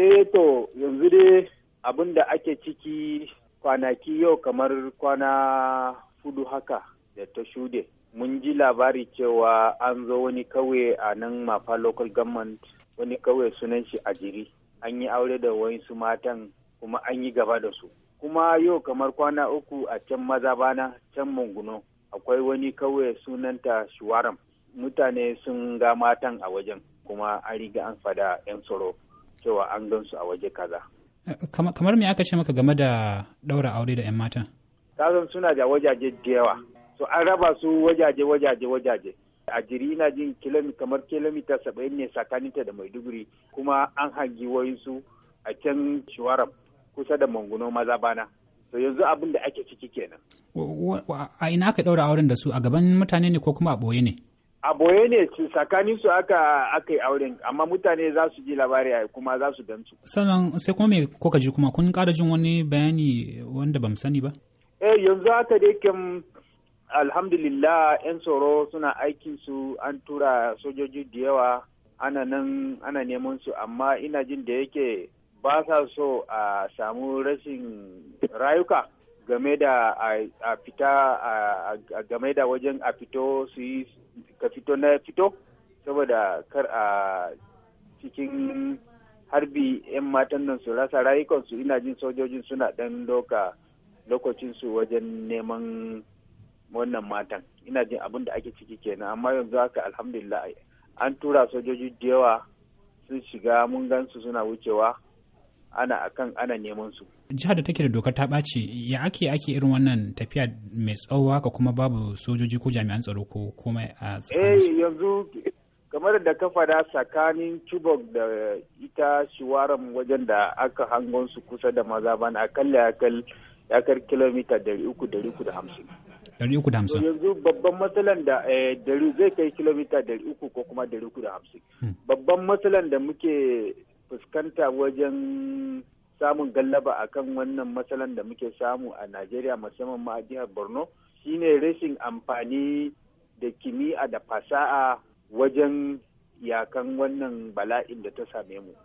eh to yanzu dai abin da ake ciki kwanaki yau kamar kwana hudu haka da ta shude mun ji labari cewa an zo wani kauye a nan mafa local government wani kauye sunan shi a jiri an yi aure da wani wasu matan kuma an yi gaba da su kuma yau kamar kwana uku a can maza bana can munguno akwai wani kauye sunanta shuwaram mutane sun ga matan a wajen kuma an riga an fada 'yan tsoro cewa an gan su a waje kaza. Kamar me aka ce maka game da ɗaura aure da 'yan matan? Kazan suna da wajaje da yawa. So an raba su wajaje wajaje wajaje. A jiri ina jin kilomita kamar kilomita saba'in ne tsakaninta da Maiduguri kuma an hangi su a can Shiwaram kusa da Manguno maza bana. To yanzu abin da ake ciki kenan. A ina aka ɗaura auren da su a gaban mutane ne ko kuma a ɓoye ne? a boye ne tsakanin su aka aka yi auren amma mutane za su ji labari kuma za su gamsu sannan sai kuma me kuka ji kuma kun ƙara jin wani bayani wanda bam sani ba eh yanzu haka dai yake alhamdulillah yan tsoro suna aikin su an tura sojoji da yawa ana nan ana neman su amma ina jin da yake ba sa so a samu rashin rayuka game da a fita game da wajen a fito su yi ka fito na fito saboda kar a cikin harbi 'yan matan nan su rasa rayukansu ina jin sojojin suna ɗan doka lokacinsu wajen neman wannan matan ina jin abin da ake ciki kenan amma yanzu haka alhamdulillah an tura sojoji da yawa sun shiga mun gansu suna wucewa ana a kan ana neman su. Jihar da take da dokar ta ɓaci ya ake ake irin wannan tafiya mai tsawo haka kuma babu sojoji ko jami'an tsaro ko komai a tsakanin. Eh yanzu kamar da ka fada tsakanin Chibok da ita shiwaran wajen da aka hangon su kusa da maza bana akalla akal kar kilomita dari uku dari uku da hamsin. Dari uku da hamsin. Yanzu babban matsalan da dari eh, zai kai kilomita dari uku ko kuma dari uku da hamsin. Hmm. Babban matsalan da muke fuskanta wajen samun gallaba akan wannan matsalan da muke samu a najeriya musamman ma a jihar borno shine rashin amfani da kimiyya da fasa'a wajen yakan wannan bala'in da ta same mu